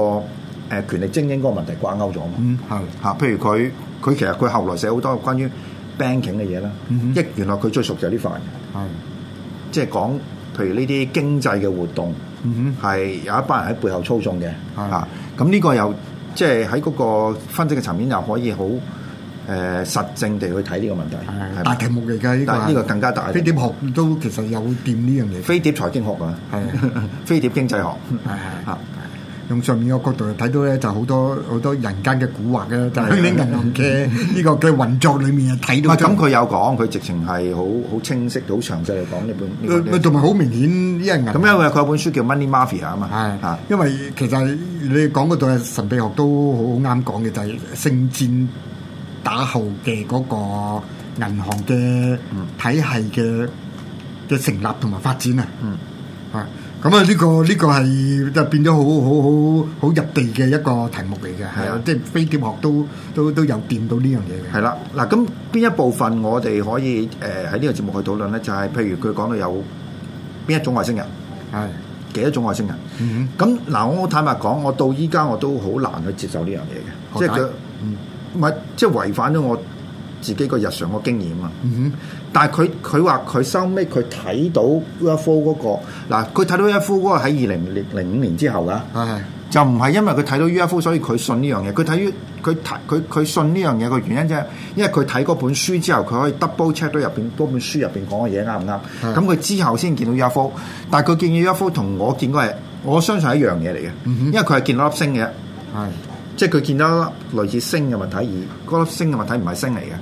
A: 誒權力精英嗰個問題掛鈎咗嘛。嗯，係譬如佢佢其實佢後來寫好多關於 banking 嘅嘢啦，即原來佢最熟就係呢塊，係即係講。譬如呢啲經濟嘅活動，係、嗯、哼有一班人喺背後操縱嘅，的啊，咁呢個又即係喺嗰個分析嘅層面又可以好誒、呃、實證地去睇呢個問題。的吧大題目嚟㗎，呢、呢個呢個更加大。飛碟學
B: 都其實有掂呢樣嘢。飛碟財經學啊，飛的 碟經濟學。係 係的。 用上面嘅角度嚟睇到咧，就好多好多人間嘅蠱惑嘅，就係喺啲銀行嘅呢個嘅運作裏面啊睇到。哇！咁佢
A: 有講，佢直情係好好清晰好詳細嚟講呢本。咪咪同埋好明
B: 顯，因為銀行咁因為佢有本書叫 Money Mafia 啊嘛，嚇！因為其實你講嗰度神秘學都好啱講嘅，就係聖戰打後嘅嗰個銀行嘅體系嘅嘅成立同埋發展啊。嗯。咁啊，呢個呢個係就變咗好好好好入地嘅一個題目嚟嘅，係啊，即係飛碟學都都都有掂到呢樣嘢
A: 嘅。係啦，嗱，咁邊一部分我哋可以誒喺呢個節目去討論咧，就係譬如佢講到有邊一種外星人，係幾多種外星人？嗯哼，咁嗱，我坦白講，我到依家我都好難去接受呢樣嘢嘅，即係佢唔係即係違反咗我自己個日常個經驗啊，嗯、哼但係佢佢話佢收尾佢睇到 UFO 嗰個，嗱，佢睇到 UFO 嗰個喺二零零五年之後㗎，的就唔係因為佢睇到 UFO 所以佢信呢樣嘢，佢睇佢睇佢佢信呢樣嘢個原因即係因為佢睇嗰本書之後，佢可以 double check 到入邊嗰本書入邊講嘅嘢啱唔啱，咁佢的之後先見到 UFO，但係佢見 UFO 同我見過係我相信係一樣嘢嚟嘅，嗯、哼因為佢係見到粒星嘅，的即係佢見到粒類似星嘅物體，而嗰粒星嘅物體唔係星嚟嘅。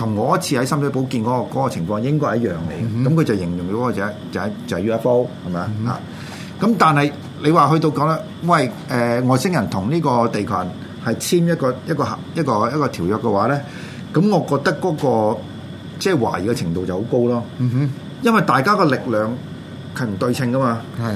A: 同我一次喺深水埗見嗰個嗰個情況應該係一樣嚟嘅，咁佢就形容到嗰個就係就係就係 UFO 係咪啊？咁但係你話去到講咧，喂誒外星人同呢個地球人係簽一個一個合一個一個條約嘅話咧，咁我覺得嗰個即係懷疑嘅程度就好高咯。嗯
B: 哼，
A: 因為大家嘅力量係唔對稱噶嘛，係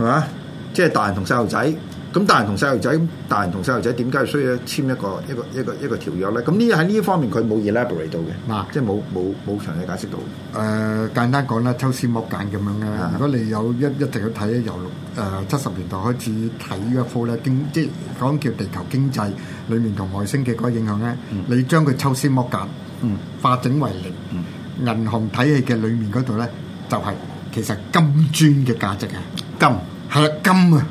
A: 係嘛，即係大人同細路仔。咁大人同細路仔，大人同細路仔點解要需要簽一個一個一個一個條約咧？咁呢喺呢一方面佢冇 elaborate 到嘅，即
B: 係冇冇冇詳細解釋到。誒簡單講啦，抽絲剝繭咁樣啦。如果你有一一定要睇由六誒七十年代開始睇呢一科咧，經即係講叫地球經濟裏面同外星嘅嗰個影響咧，你將佢抽絲剝繭，化整為零，銀行體系嘅裏面嗰度咧就係其實金磚嘅價值啊，金係啦金啊。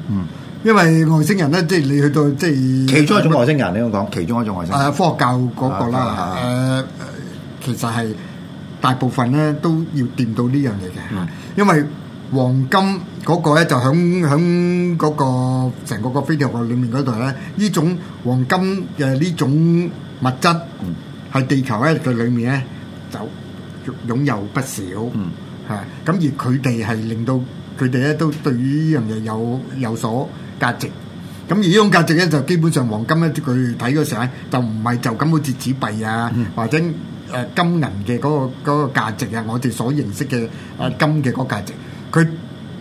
B: 因為外星人咧，即係你去到即係其中一種外星人，你咁講其中一種外星，誒，科學教嗰、那個啦，誒、啊啊，其實係大部分咧都要掂到呢樣嘢嘅，嗯、因為黃金嗰個咧就響響嗰個成個個飛碟學裏面嗰度咧，呢種黃金嘅呢種物質，係地球咧嘅裏面咧，就擁有不少，吓、嗯，咁而佢哋係令到佢哋咧都對於呢樣嘢有有所。價值咁而呢種價值咧就基本上黃金咧，佢睇嗰時咧就唔係就咁好似紙幣啊，或者誒金銀嘅嗰個嗰個價值啊，我哋所認識嘅誒金嘅嗰價值，佢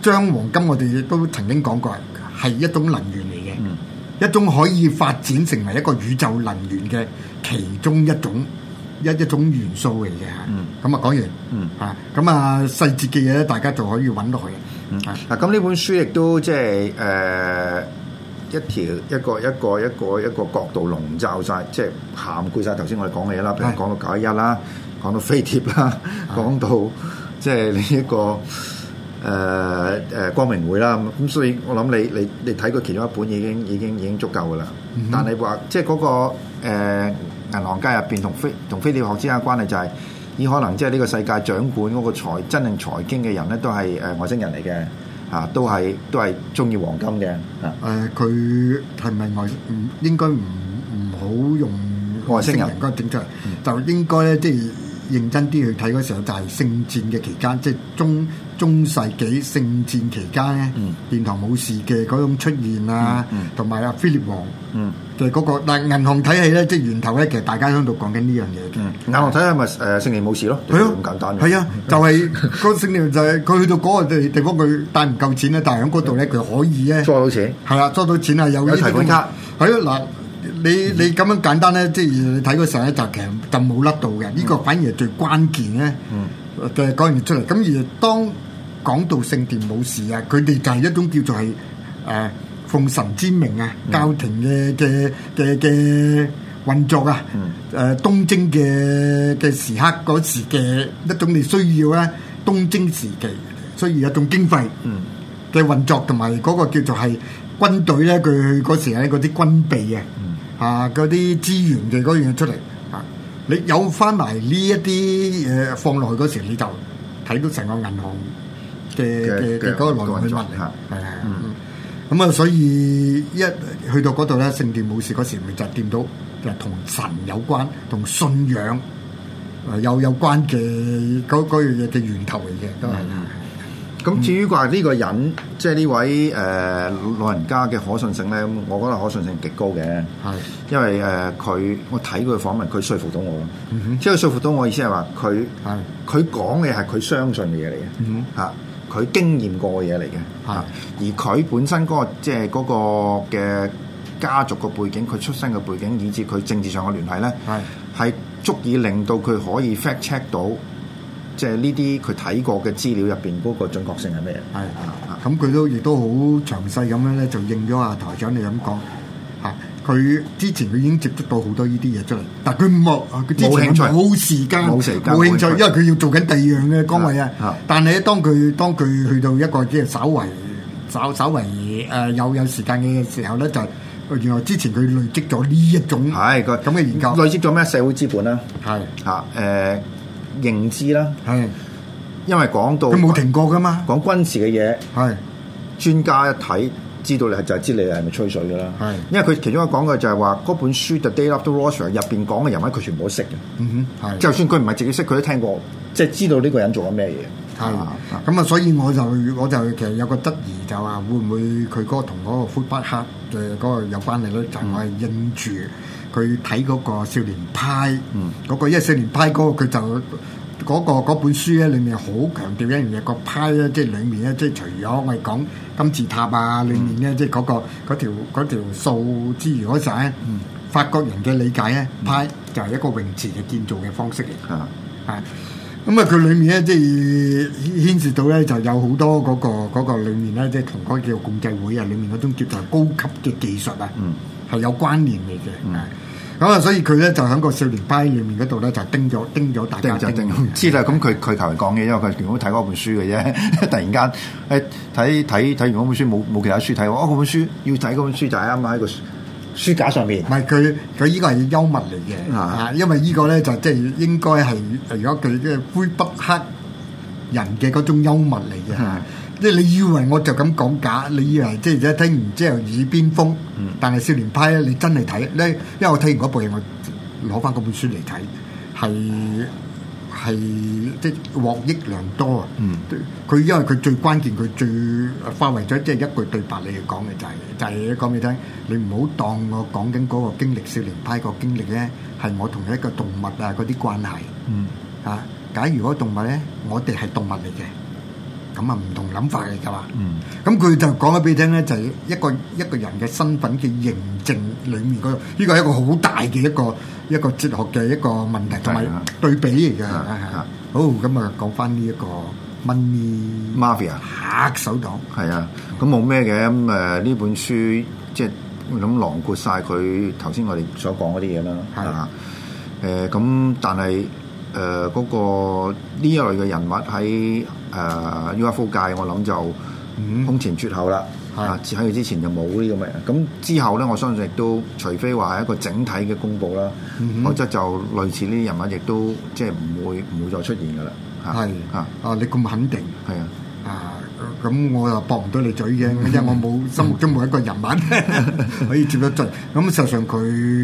B: 將黃金我哋亦都曾經講過係一種能源嚟嘅，一種可以發展成為一個宇宙能源嘅其中一種一一種元素嚟嘅吓。咁啊講完嗯吓，咁啊細節嘅嘢咧，大家就可以揾落去。
A: 嗱咁呢本書亦都即係誒一條一個一個一個一個,一個角度籠罩晒，即係涵蓋晒。頭先我哋講嘅嘢啦，譬如講到九一一啦，講到飛碟啦，講的到即係呢一個誒誒、呃呃、光明會啦，咁所以我諗你你你睇過其中一本已經已經已經足夠噶啦，嗯、哼但係話即係嗰個誒、呃、銀行街入邊同飛同飛碟學之間嘅關係就係、是。依可能即係呢個世界掌管嗰個財真正財經嘅人咧，都係誒外星人嚟嘅，嚇都係都係中意黃金嘅
B: 嚇。誒佢係唔係外星？唔應該唔唔好用外星人嗰個出嚟，就應該咧即係。嗯就是認真啲去睇嗰時候，就係聖戰嘅期間，即、就、係、是、中中世紀聖戰期間咧，殿、嗯、堂武士嘅嗰種出現啊，同埋、嗯、阿菲力王，嗯、就係嗰、那個。但銀行體系咧，即、就、係、是、源頭咧，其實大家喺度講緊呢樣嘢嘅。銀行體系咪誒聖殿武士咯？係咯，咁簡單。係啊，啊啊就係嗰聖殿就係、是、佢去到嗰個地地方，佢帶唔夠錢咧，但喺嗰度咧佢可以咧捉到錢。係啦、啊，捉到錢啊，有提。一齊參加。係咯，嗱。你你咁樣簡單咧，即係你睇嗰上一集其實就冇甩到嘅，呢、呢個反而係最關鍵咧。誒講完出嚟，咁而當講到聖殿武士啊，佢哋就係一種叫做係誒、呃、奉神之名啊，教廷嘅嘅嘅嘅運作啊，誒、嗯呃、東征嘅嘅時刻嗰時嘅一種你需要咧、啊，東征時期需要一種經費嘅運作同埋嗰個叫做係軍隊咧，佢嗰時係嗰啲軍備啊。啊！嗰啲資源嘅嗰樣嘢出嚟，啊！你有翻埋呢一啲嘢放落去嗰時，你就睇到成個銀行嘅嘅嗰個來源去問嚟，係係、嗯。嗯咁啊，所以一去到嗰度咧，聖殿武士嗰時，咪就掂到，就同神有關，同信仰有有關嘅嗰樣嘢嘅源頭嚟嘅，都係。嗯嗯
A: 咁、嗯、至於話呢個人，即係呢位誒、呃、老人家嘅可信性咧，我覺得可信性極高嘅。係的，因為誒佢、呃，我睇佢訪問，佢説服到我咯。嗯哼，即係佢説服到我意思係的話佢，係佢講嘅係佢相信嘅嘢嚟嘅。嗯哼，佢經驗過嘅嘢嚟嘅。係的，而佢本身嗰、嗰個即係嗰個嘅家族嘅背景，佢出生嘅背景，以至佢政治上嘅聯繫咧，係係的足以令到佢可以 fact check 到。即係呢啲佢睇過嘅資料入邊嗰個準確性係咩？係啊，
B: 咁佢都亦都好詳細咁樣咧，就應咗阿台長你咁講嚇。佢、啊、之前佢已經接觸到好多呢啲嘢出嚟，但佢冇冇興趣，冇時間，冇時間，冇興趣，興趣因為佢要做緊第二樣嘅崗位啊。但係咧，當佢當佢去到一個即係稍微、稍微稍微誒、呃、有有時間嘅時候咧，就原來之前佢累積咗呢一種係咁嘅研究，累積咗咩
A: 社會資本啦？係嚇誒。呃呃認知啦，係是因為講到佢冇停過噶嘛，講軍事嘅嘢係專家一睇知道你係就係知你係咪吹水噶啦，係是因為佢其中一個講嘅就係話嗰本書 The Day After Russia 入邊講嘅人
B: 物佢全部都識嘅，嗯、哼，係就
A: 算佢唔係自己識佢都聽過，即係是知道呢個人做緊咩嘢，係
B: 咁啊，所以我就我就其實有個質疑就話會唔會佢嗰個同嗰個庫巴克誒嗰個有關係咧就係印住。嗯佢睇嗰個少年派，嗰個一少年派哥、那個，佢就嗰、那個嗰本書咧，裡面好強調一樣嘢，個派咧，即係裡面咧，即係除咗我哋講金字塔啊，裡面咧，嗯、即係、那、嗰個嗰條嗰條數之餘嗰陣，法國人嘅理解咧，派就係一個泳池嘅建造嘅方式嚟嘅，啊、嗯，咁啊是，佢裡面咧即係牽涉到咧就有好多嗰、那個嗰、那個、裡面咧，即係同嗰個叫共濟會啊，裡面嗰種叫做高級嘅技術啊，係、嗯、有關聯嚟嘅。咁啊、嗯，所以佢咧就喺個少年派裏面嗰度咧就叮咗叮咗大家叮，
A: 知啦，咁佢佢頭先講嘅，因為佢全部睇嗰本書嘅啫。突然間誒睇睇睇完嗰本書，冇冇其他書睇，哦、喔，嗰本書
B: 要睇嗰本書就喺啱啱喺個書架上面。唔係，佢佢呢個係要幽默嚟嘅啊，的因為呢個咧就即係應該係如果佢即係灰北黑人嘅嗰種幽默嚟嘅。即係你以為我就咁講假，你以為即係一聽完之後耳邊風。但係《少年派》咧，你真係睇咧，因為我睇完嗰部嘢，我攞翻嗰本書嚟睇，係係即係獲益良多啊！佢、嗯、因為佢最關鍵，佢最化為咗即係一句對白、就係，就係、你講嘅就係就係講畀你聽，你唔好當我講緊嗰個經歷，《少年派》個經歷咧，係我同一個動物啊嗰啲關係啊。嗯、假如嗰動物咧，我哋係動物嚟嘅。咁啊，唔同諗法嚟㗎嘛。嗯，咁佢就講咗俾你聽咧，就一個一個人嘅身份嘅認證裏面嗰個，呢個係一個好大嘅一個一個哲學嘅一個問題同埋對比嚟㗎。係係好咁啊，講翻呢一個 Money Mafia 黑手黨係啊，咁冇咩嘅咁誒？呢本書
A: 即係諗囊括曬佢頭先我哋所講嗰啲嘢啦。係誒咁，但係誒嗰個呢一類嘅人物喺。誒、uh, UFO 界我諗就空前絕後啦，喺佢之前就冇呢啲咁，咁之後咧我相信亦都除非話係一個整體嘅公佈啦，否則、嗯、就
B: 類似呢啲人物亦都即係唔會唔會再出現嘅啦。係啊，啊你咁肯定？係啊。啊咁我又駁唔到你嘴嘅，因為我冇心目中冇一個人物可以接得盡。咁事實上佢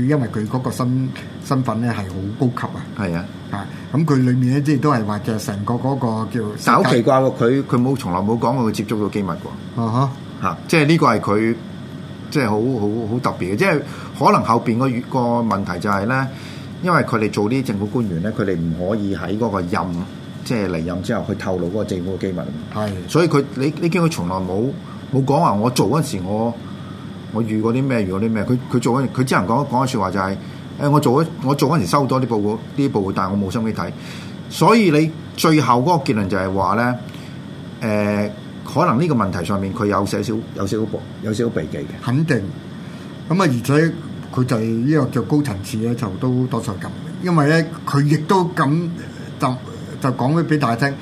B: 因為佢嗰個身身份咧係好高級啊。係啊，啊，咁佢裏面咧即係都係話嘅，成個嗰個叫好奇
A: 怪喎，佢佢冇從來冇講佢會接觸到機密噶。啊哈，吓，即係呢個係佢，即係好好好特別嘅，即係可能後邊個月個問題就係、是、咧，因為佢哋做呢啲政府官員咧，佢哋唔可以喺嗰個任。即係離任之後，去透露嗰個政府嘅機密啊係，的所以佢你呢啲佢從來冇冇講話我做嗰時我我遇過啲咩遇過啲咩，佢佢做嗰佢只能講講一説話就係、是、誒我做嗰我做嗰時收多啲報告啲報告，但係我冇心機睇。所以你最後嗰個結論就係話
B: 咧誒，可能呢個問題上面佢有，有少有少有少有有少有少少避忌嘅。肯定咁啊、嗯！而且佢就呢個叫高層次咧，就都多數咁，因為咧佢亦都敢擔、呃。呃呃呃呃呃呃就講咗俾大家聽，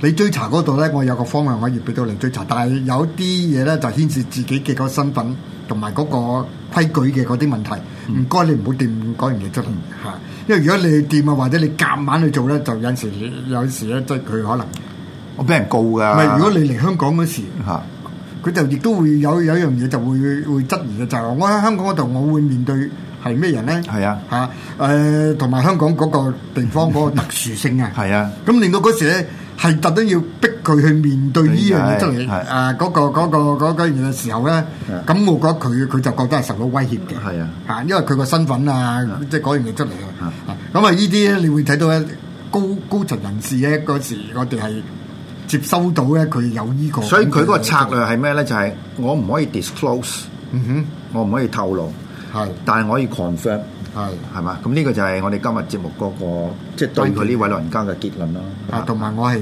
B: 你追查嗰度咧，我有個方案可以俾到你追查，但係有啲嘢咧就牽涉自己嘅個身份同埋嗰個規矩嘅嗰啲問題，唔該、嗯、你唔好掂嗰樣嘢做嚇，嗯、因為如果你去掂啊，或者你夾硬，硬去做咧，就有時有時咧即係佢可能我俾人告噶、啊，唔係如果你嚟香港嗰時佢、嗯、就亦都會有有一樣嘢就會會質疑嘅就係、話、我喺香港嗰度，我會面對。係咩人咧？係啊！嚇，誒，同埋香港嗰個地方嗰個特殊性啊！係啊！咁令到嗰時咧，係特登要逼佢去面對呢樣嘢出嚟，誒，嗰個嗰個嗰嗰樣嘢嘅時候咧，咁我覺得佢佢就覺得係受到威脅嘅。係啊！嚇，因為佢個身份啊，即係嗰樣嘢出嚟啊！咁啊，呢啲咧，你會睇到咧，高高層人士咧嗰時，我哋係接收到咧，佢有呢個。所以佢嗰個策略
A: 係咩咧？就係我唔可以 disclose，嗯哼，我唔可以透露。係，但係我可以 confirm 係係嘛？咁呢、這個就係我哋今日節目嗰、那個即係對佢呢位老人家嘅結論啦。
B: 啊，同埋我係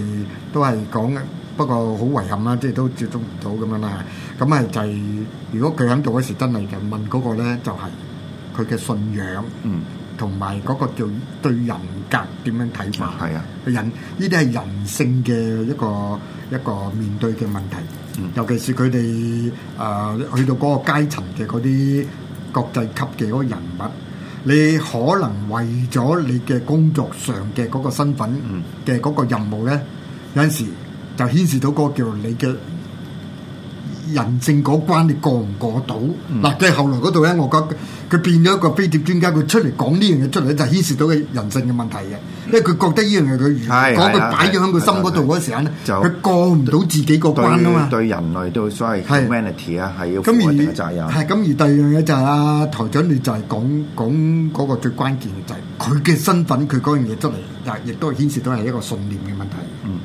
B: 都係講，不過好遺憾啦，即係都接觸唔到咁樣啦。咁係就係、是，如果佢喺做嗰時真係就問嗰個咧，就係佢嘅信仰，嗯，同埋嗰個叫對人格點樣睇法？係啊、嗯，人呢啲係人性嘅一個一個面對嘅問題。嗯、尤其是佢哋啊，去到嗰個階層嘅嗰啲。國際級嘅嗰個人物，你可能為咗你嘅工作上嘅嗰個身份嘅嗰個任務咧，嗯、有陣時就牽涉到嗰個叫你嘅人性嗰關你過唔過到？嗱、嗯，即係後來嗰度咧，我覺佢變咗一個飛碟專家，佢出嚟講呢樣嘢出嚟咧，就牽涉到嘅人性嘅問題嘅。因為佢覺得呢樣嘢佢如果佢擺咗喺佢心嗰度嗰陣時咧，
A: 佢、嗯嗯嗯、過唔到自己個關啊嘛！對人類都所謂 humanity 啊對，係要負，負責
B: 任。咁而，而第二樣嘢就係、是、阿台長，你就係講講嗰個最關鍵就係佢嘅身份，佢嗰樣嘢出嚟，但亦都牽涉到係一個信念嘅問題。嗯，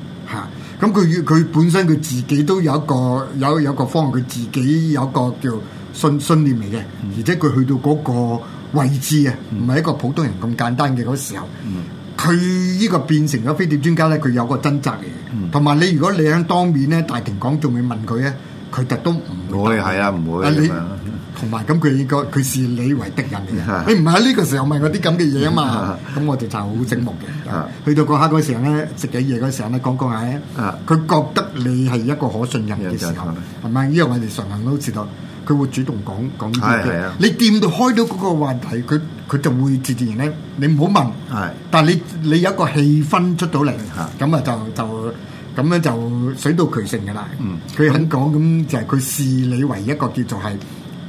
B: 咁佢佢本身佢自己都有一個有有個方向，佢自己有個叫信信念嚟嘅，而且佢去到嗰個位置啊，唔係、嗯、一個普通人咁簡單嘅嗰時候，佢呢、嗯、個變成咗飛碟專家呢，佢有個掙扎嘅。同埋你如果你喺當面呢，大庭廣眾去問佢呢，佢特都唔
A: 會係啊，唔會
B: 同埋咁佢個佢視你為敵人嚟，你唔係喺呢個時候問我啲咁嘅嘢啊嘛，咁我哋就好醒目嘅。去到嗰刻嗰時候咧，食緊嘢嗰時候咧，講講下咧，佢覺得你係一個可信任嘅時候，係咪？因為我哋常行都做到，佢會主動講講呢啲嘢。你掂到開到嗰個話題，佢佢就會自自然咧，你唔好問，但係你你有一個氣氛出到嚟，咁啊就就咁樣就水到渠成噶啦。佢肯講咁就係佢視你為一個叫做係。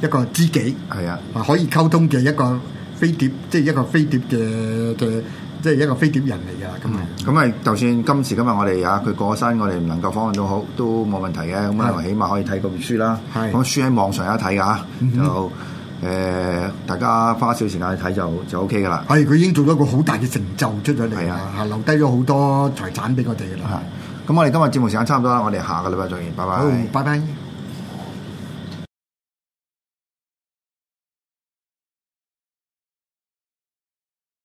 B: 一個知己係啊，可以溝通嘅一個飛碟，即係一個飛碟嘅嘅，即係一個飛碟人嚟㗎。
A: 咁咁啊，就算今時今日我哋啊，佢過咗身，我哋唔能夠訪問都好，都冇問題嘅。咁啊，起碼可以睇本書啦。係、啊，咁書喺網上一睇㗎嚇，啊、就誒、呃、大家花少時間去睇就就 OK 㗎啦。係、啊，佢已經做咗個好大嘅成就出咗嚟，係啊，留低咗好多財產俾我哋㗎啦。係、啊，咁我哋今日節目時間差唔多啦，我哋下個禮拜再見，拜拜。
B: 好。拜拜。